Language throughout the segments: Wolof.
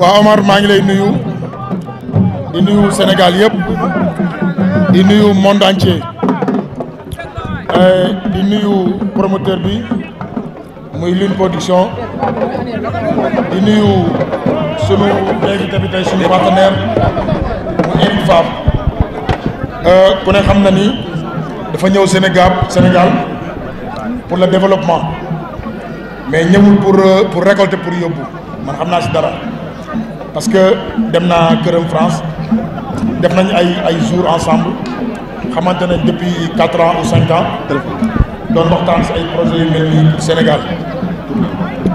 waaw Omar maa ngi lay nuyu nuyu Sénégal yëpp di nuyu monde entier eh, di nuyu promoteur bi muy Lune Production di nuyu sunu léegi tamit ay sunu partenaire mu Eric Fab eh, ku ne xam na ni dafa ñëw Sénégal Sénégal pour le développement mais ñëwul pour euh, pour récolter pour yóbbu man xam naa si dara. parce que dem naa këram France def nañ ay ay jours ensemble xamante ne depuis quatre ans ou cinq ans doon waxtaan si ay projets yu mel Sénégal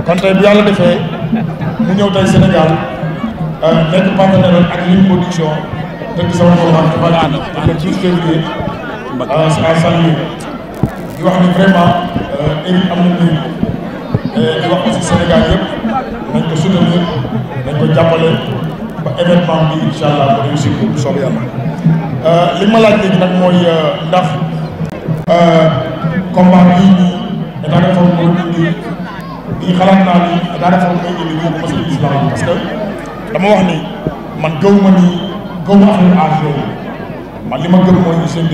kon bu yàlla defee mu ñëw tey Sénégal euh, nekk partenaire ak Lim Production te di sama boppam dafa daan le plus février euh, di wax ni vraiment Eric euh, am na nuyu di wax aussi Sénégal yëpp nañ ko soutenir jàppale ba événement bi incha allah ba réussir ko bu soob yàlla euh, li ma laaj léegi nag mooy euh, ndax euh, combat dama wax ni man gëw li ma gëm mooy hygiène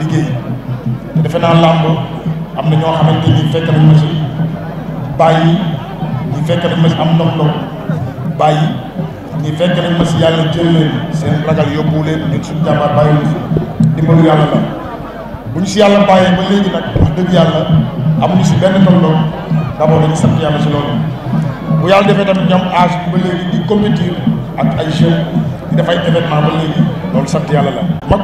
liggéey te defe naa làmb am na ñoo xamante ni fekk nañ ma si bàyyi ñu fekk nañ ma si am ndox ndox bàyyi ñi fekk nañ ma si yàlla jël leen seen ragal yóbbu leen ñun suñu jàmbaar bàyyi wu si dimbalu yàlla la bu ñu si yàlla bàyyee ba léegi nag wax dëgg yàlla amuñu si benn tolloo d'abord dañu sant yàlla si loolu bu yàlla defee tamit ñoom âge bi ba léegi di compétir ay jeunes di def ay loolu sant yàlla la mag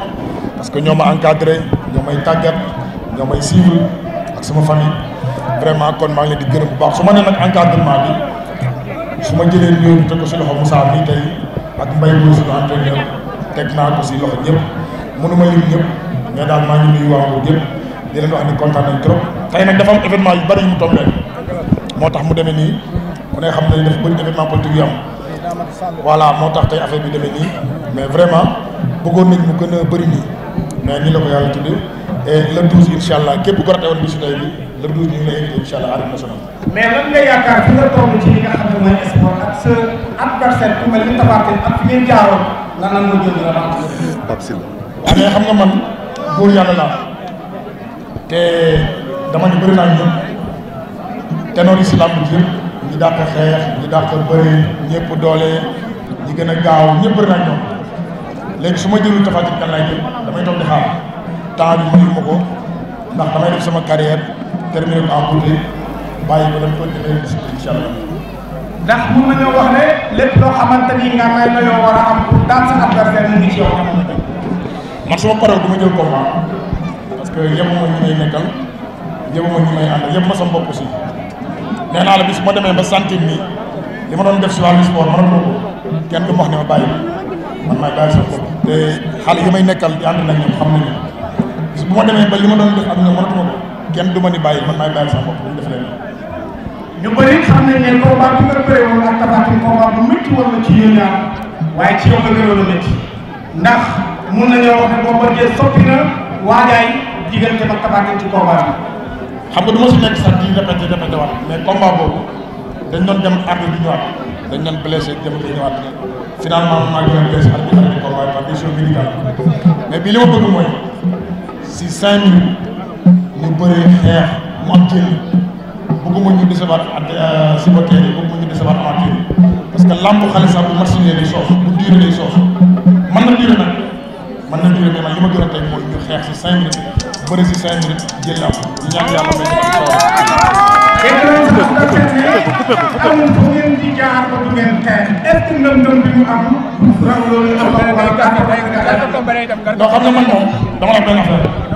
parce que ñoo ma encadré ñoo tàggat ñoo may suivre ak sama famille vraiment kon maa ngi leen di gërëm bu baax su ma nee nag encadrement bi su ma jëlee nuyoo bi teg ko si loxo Moussa bii tey ak Mbaye Moussa suñu entraîneur teg naa ko si loxo ñëpp mënuma lim ñëpp mais daal maa ngi nuyu waa Mbour yëpp di wax ni kontaan nañ trop. tey nag dafa am événement yu bari yu mu tombé moo tax mu demee nii ku ne xam ne dafa bëri événement politique yu am voilà moo tax tey affaire bi demee nii mais vraiment bëggoon nañ mu gën a bëri nii mais nii la ko yàlla tudd et le 12 incha allah képp ku raté bi si tey bi. le tout xam ne mooy sport nga man buur yàlla laa te dama ñu bëri naa ñëpp ténor yi si làmb ji ñi dàq xeex ñi dàq bëri ñëpp doole ñi gën a gaaw ñëpp bëri naa ñoom léegi su ma jëlul Tapha Tine kan laay jël damay toog di xaar temps bi mënul ma ko ndax damay def sama carrière. terminé ko en beauté bàyyi ko dem continuer incha allah. ndax mun nañoo wax ne lépp loo xamante ni nga may mayoo war am pour daan sa adversaire mu ngi man su ma du ma jël combat parce que yemuma ñu may nekkal yemuma ñu sa mbokk aussi nee naa la bis ma demee ba sentir nii li ma doon def si wàllu sport ma doon kenn du ma wax ne ma bàyyi man maay bàyyi sa bopp te xale yi may nekkal di ànd nañ ñoom xam nañu bis bu ma demee ba li ma doon def ak ñoom mënatuma ko. kenn du ma ni bàyyi man maay bàyyi sama bopp bu ñu def leen ñu bëri xam nañ ne combat bi nga bëree woon ak Tapha Tine combat bu métti woon na ci yéen ñaar waaye ci yow la gënoon a métti ndax mun nañoo wax ne Bombardier soppi na waajaay diggante ak Tapha Tine ci combat bi. xam nga du si nekk sax di répété répété waat mais combat boobu dañ doon dem arbitre bi ñëwaat dañ doon blessé dem di ñëwaat finalement maa ngi leen blessé arbitre bi combat bi par décision médicale mais bii li ma bëgg mooy si cinq minutes. ñu bëree xeex mu am jël bëgguma ñu décevoir ak supporters yi bëgguma ñu décevoir amateurs yi parce que làmb xale bu machine day soof bu diire day soof mën na diire nag mën na diire mais man li ma gën a tey mooy ñu xeex si cinq minutes bëri si cinq minutes jël am solo ngeen di jaar ba du ngeen xeex est ce que ndëm-ndëm bi ñu am raw loolu xam nga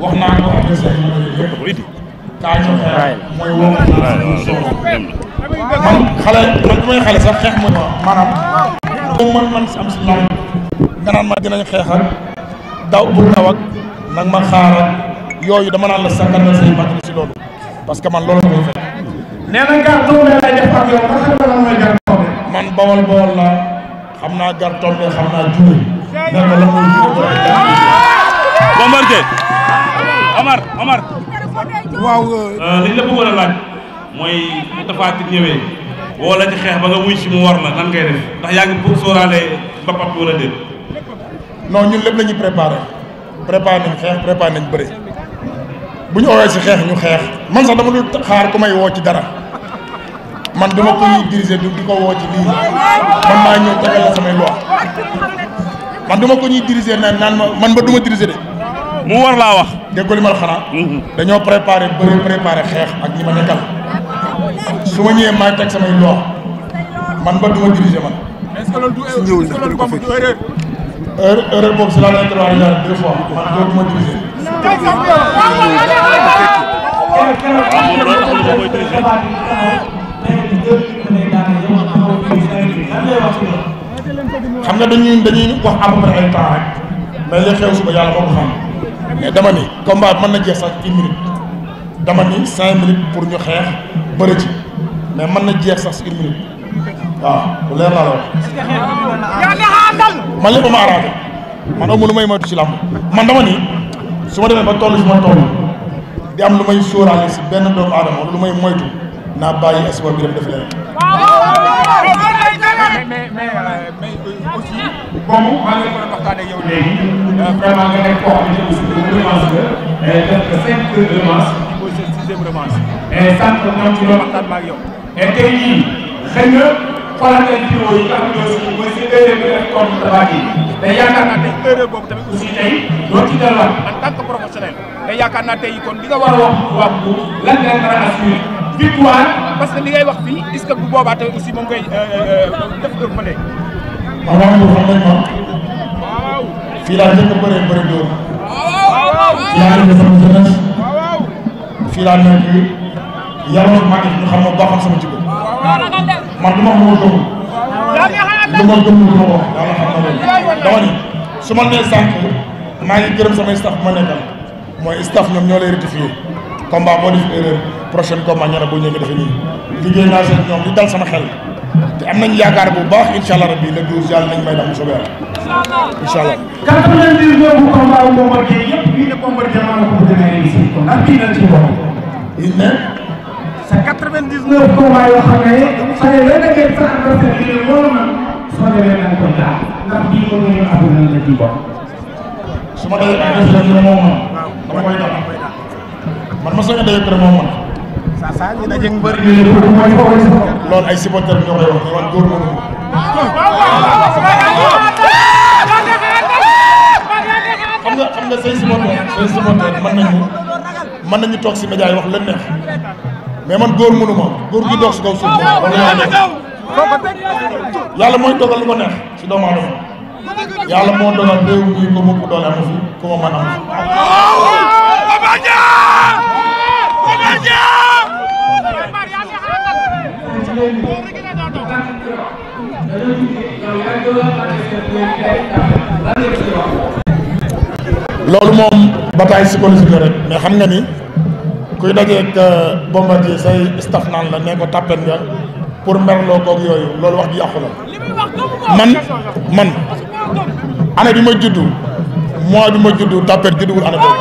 wax naa ko ak des rek kaa ñëw xeex mooy woo man xale man bu may xale sax xeex mooy maanaam boobu man man si am si laaw nga naan ma dinañ xeex ak daw bu daw ak nag ma xaaral yooyu dama naan la sànqal say bàtt si loolu parce que man loolu mooy fekk nee na gar tombe lay def ak yow man xam nga lan mooy gar tombe man bawal bawal la xam naa gar tombe xam naa jur nekk la mooy jur Bombardier Omar Omar. waaw. Euh, euh, liñ la bëggoon a mooy bu Tapha Tine ñëwee woo si mu war la nan ndax yaa ngi pour sóoraale mbapat bi wala déet. non ñun lépp la ñuy préparé préparé nañ xeex préparé nañ bëri bu ñu oowee xeex ñu xeex man sax dama dul xaar may woo ci dara. man dama koy diriger du di ko woo ci lii man maa ñëw tegal samay loi man dama ko ñuy diriger naan naan ma man ba duma diriger de mu war laa wax. déggoo li ma la xanaa. Mm-hmm. dañoo préparé bëri préparé xeex ak ñi ma nekkal. su ma ñëwee maay teg samay loox man ba du ma diriger man. est-ce que loolu du erreur est-ce que ma xam nga dañuy dañuy wax à peu près ay temps xew suba yàlla moo ko mais dama ni combat mën na jeex sax ci minute dama ni cinq pour ñu xeex bëri ci mais man na jeex sax ci une minute waaw bu leer laa la wax. man ma arrangé man amul lu may moytu ci làmb man dama ni su ma demee ba toll si ma toll di am lu may sóoraale si benn doomu aadama lu may moytu naa bàyyi espoir bi dem def leneen. aussi bon maa ngi leen waxtaan ak yow léegi euh, vraiment nga nekk koo xam ne aussi bu revanche la euh, def na cinq revanche di mooy sa sixième revanche sànq ñoom ci loolu waxtaan maa ngi tey jii xëy na xoolante vidéo yi nga xam ne aussi mooy si naa tey erreur boobu tamit aussi tey doo ci delluwaat en tant que professionnel mais naa tey kon li nga war a wax wax bu lan nga mën a assurer victoire parce que li ngay wax fii est-ce que bu boobaa tey aussi moom ngay euh, def heure fële avant ñu xam nañ ma fii laa njëkk a bëree bëri dóor fii laa nekk sama jeunesse fii laa nekk yaroon maa ngi ñu xam ma baaxoon sama jikko man du ma xam ma gëmul lu ma gëmul du ma wax yàlla xam na loolu dama ni su ma nee sànq maa ngi gërëm samay staff bu ma nekkal mooy staff ñoom ñoo lay rectifier combat boo def erreur prochaine combat ñara bu ñëw nga defe nii liggéey naa seen ñoom li dal sama xel am nañ yaakaar bu baax incha allah rabbi le douze yàlla may dam soobee yàlla incha allah quatre vingt dix boobu combat wu Bombardier yëpp ñu ko bëgg a réussir ko ndax kii nañ ci bopp il ne sa quatre vingt dix neuf combat yoo xam ne xale la nga jël sa adversaire bi ne loolu man saa saa ñu dajeeg mbër loolu ay supporter ñoo koy wax loolu góor mënu ko. xam nga xam nga say supporter say nañu mën nañu toog si média yi wax leen neex mais man góor mënu ma góor gi dox si suuf loolu laa mooy dogal lu ko neex si doomu aadama yàlla moo dogal réew mi ko mëpp doole amu fi ku ma mën am. loolu moom bataille psychologique la rek mais xam nga ni kuy dajeeg euh, bombardier say staff naan la ne ko tàppen nga pour merloo koog yooyu loolu wax ji yàqu la man man année bi ma juddu mois bi ma juddu tàppet judduwul année boobu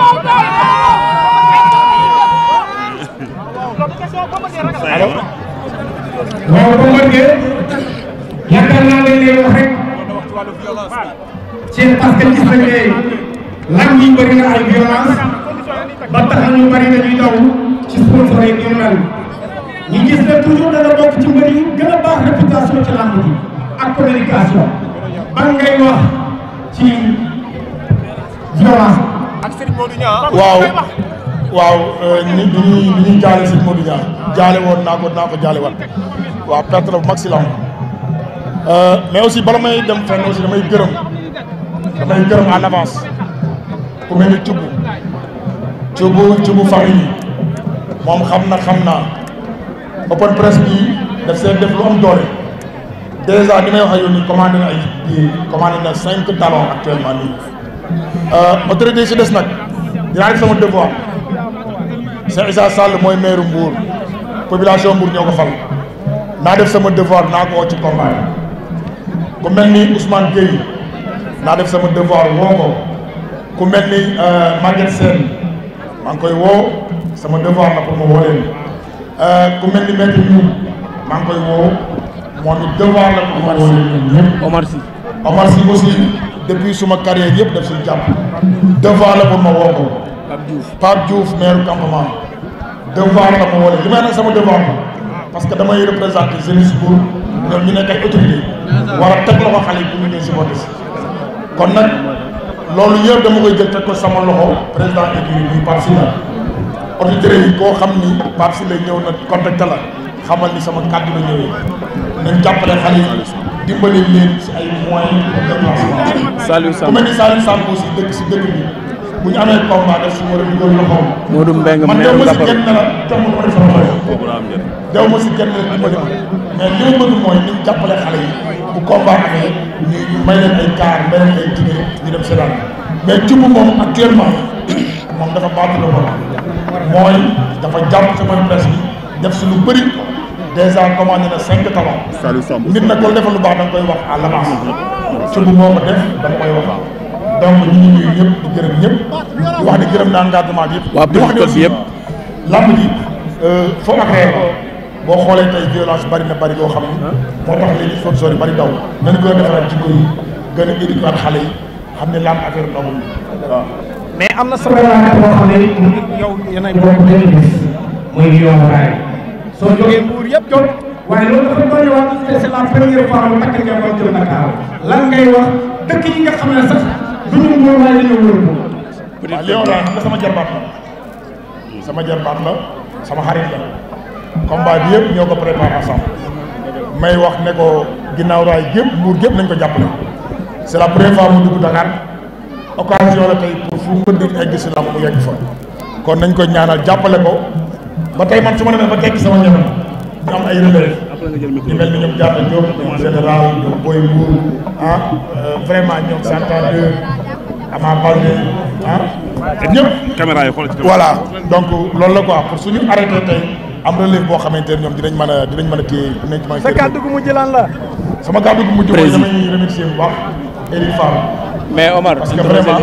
allo. waaw bombardier yaakaar naa dañ leen rek ci parce que gis nañ ne lan yi bëri na ay violence ba tax ñu na ñuy ci sponsor yi journal yi ñu gis ne toujours dana bokk ci mbër yi gën a baax réputation ci làmb bi ak violence. waaw waaw ñi ñi ñi si Modou Niang jaale woon naa ko naa ko jaale waat waaw perte la Euh, mais aussi bala may dem fenn aussi damay gërëm damay gërëm en avance ku mel ni Thioub Thioub Thioub moom xam na xam naa open presse bi daf seen def lu am doole dèjà li may wax ak commandé na ay billets commandé na cinq talons actuellement nii euh, autorité yi si des nag dinaa def sama devoir Cheikh Issa Sall mooy maire Mbour population Mbour ñoo ko def sa def sama devoir naa ko woo ci combat ku mel ni Ousmane Gueye naa def sama devoir woo ko ku mel ni euh, Maguette Sène maa ngi koy woo sama devoir la pour ma woo leen euh, ku mel ni Maître Diouf maa koy woo moom it devoir la pour ma Omar Sy Omar depuis suma carrière yëpp daf si jàpp devoir la pour ma woo ko Pape Diouf maire campement devoir la ma woo li may nag sama devoir parce que damay représenter jeunesse pour ñoom ñu nekk ay autorité war a teg loxo xale yi pour ñu ñëw supporté si kon nag loolu yëpp dama koy jël teg ko sama loxo président écurie bi Pape Sylla auditeur yi koo xam ni Pape Sylla ñëw na contacté la xamal ni sama kàddu la ñëwee nañ jàppale xale yi dimbali leen si ay moyens de déplacement ku mel ni dëkk si dëkk bi bu ñu amee combat def su war a dugal loxoom. Modou Mbengue meeru Ngaparou man dew ma si kenn ne la tax ma defal ma yow. boobu la am njëriñ. dew ma si kenn ne la dimbali mais li ma bëgg mooy ni ñu jàppale xale yi bu combat amee ñu ñu may leen ay kaar may leen ay jigéen ñu dem seetaan mais jubbu moom actuellement moom dafa baatu la ko mooy dafa jàpp sama presse bi def si lu bëri dèjà commandé na cinq tabax. Salou Samb nit nag loolu defal lu baax da nga koy wax à l'avance. jubbu moo ko def da nga koy wax. donc ñu ngi nuyu ñëpp di gërëm ñëpp di wax ne gërëm naa engagement bi yëpp. waaw protocole bi yëpp euh, boo xoolee tey violence bari na xam ni bari daw nañ gën a xale yi xam ne làmb mais am na sama boo xam soo jógee mbuur yëpp jot waaye loolu dafa doy waar c'est la première fois mu takk nga ko jël Dakar lan ngay wax dëkk yi nga xam ne sax du ñu wóor waaye dañoo wóor moom. waaw sama jarbaat la. sama jarbaat la sama xarit la. combat bi yëpp ñoo ko préparé ensemble. may wax ne ko ginnaaw raay gépp mbuur gépp nañ ko jàppale. c'est la première fois mu dugg Dakar si la mu yegg fa. kon nañ ko ñaanal jàppale ko ba tey man su ma demee ba tekki sama njaboot ñu am ay relais ñu mel ni ñoom Diatta Diop ñoom général ñoom Boy Mbour ah euh, vraiment ñoom Santander Ama a ah. ñëpp caméra yi xool ci voilà donc loolu la ko pour suñu arrêté tey am relève boo xamante ne ñoom dinañ mën a dinañ mën a téye a. sa kàddu gu mujj lan la. sama kàddu gu mujj mooy damay remercier bu baax Eric mais Omar parce que vraiment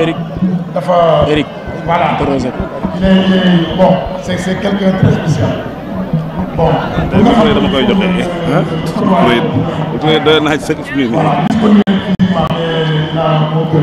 dafa Eric. voilà il est il est bon c' est c' est quelqu'un très spécial. bon bu nga xam ne dama koy joxe ah. oui doy naa ci sëñ bi. voilà disponible physiquement mais naa moo koy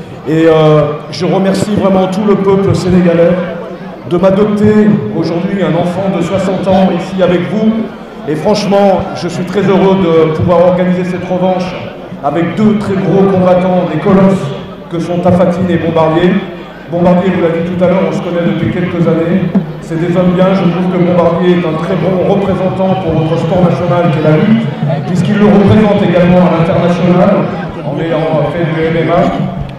Et euh, je remercie vraiment tout le peuple sénégalais de m'adopter aujourd'hui un enfant de 60 ans ici avec vous. Et franchement, je suis très heureux de pouvoir organiser cette revanche avec deux très gros combattants, des colosses que sont Tafatine et Bombardier. Bombardier, vous l'avez dit tout à l'heure, on se connaît depuis quelques années. C'est des hommes bien, je trouve que Bombardier est un très bon représentant pour notre sport national qui est la lutte, puisqu'il le représente également à l'international en ayant fait du MMA.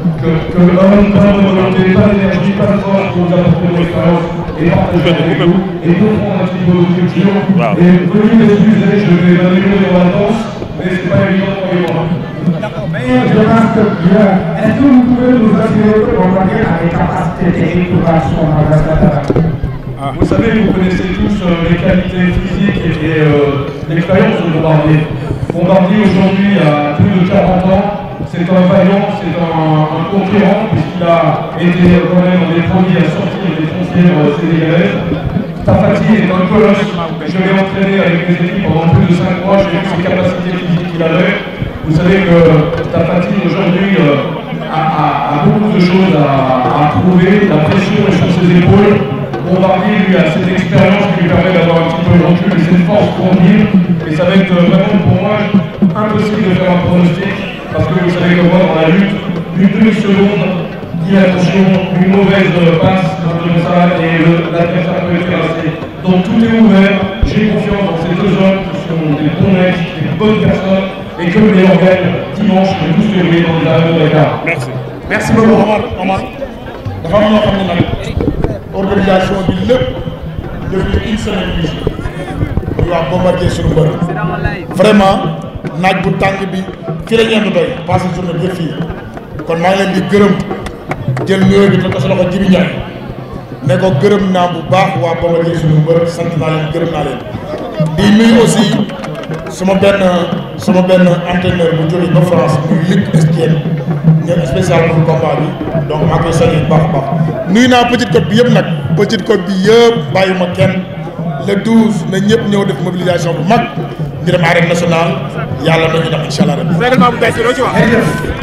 que que un pas de volonté, pas d'énergie, pas de force pour nous apporter une expérience et partager avec vous et comprendre un petit peu notre culture. Wow. Et connu les sujets, je vais m'améliorer dans la danse, mais c'est pas évident pour les voir. Je pense que bien. Est-ce que vous pouvez nous assurer que l'on va bien à les capacités techniques pour son ambassadeur ah. Vous savez, vous connaissez tous euh, les qualités physiques et, et euh, l'expérience de Bombardier. Bombardier aujourd'hui a plus de 40 ans. c'est un vaillant, c'est un, un conquérant, puisqu'il a été quand même un des premiers à sortir des frontières euh, sénégalaises. Tafati est un colosse, je l'ai entraîné avec mes équipes pendant plus de 5 mois, j'ai vu ses capacités physiques qu'il avait. Vous savez que Tafati aujourd'hui euh, a, a, a, beaucoup de choses à, à prouver, la pression est sur ses épaules. Bombardier, lui, a cette expérience qui lui permet d'avoir un petit peu de recul et cette force qu'on et ça va être euh, vraiment pour moi impossible de faire un pronostic. parce que vous savez comment on a eu une demi-seconde d'inattention, une mauvaise passe entre ça et l'adversaire peut être assez. Donc tout est ouvert, j'ai confiance dans ces deux hommes qui sont des bons mecs, des bonnes personnes et que le meilleur gagne dimanche le 12 février dans les arènes de Dakar. Merci. Merci beaucoup Omar Omar dafa am loo xam ne nag organisation bi lépp depuis une semaine bii ñu wax Bombardier suñu mbër vraiment. naaj bu tàng bi fii la ñeen doy passé journée bi yëpp fii kon maa ngi leen di gërëm jël nuyoo bi teg ko sa loxo ne ko gërëm naa bu baax waa Bombardier suñu mbër sant naa leen gërëm naa leen di nuyu aussi sama benn sama benn entraîneur bu jógee ba France muy Luc Estienne ñoom spécial pour combat bi donc maa koy sañu baax a baax nuyu naa petite côte bi yëpp nag petite côte bi yëpp bàyyuma kenn le 12 na ñëpp ñëw def mobilisation bu mag ngir dem arène yàlla nañu def incha allah. règlement bu bees bi loo ci wax.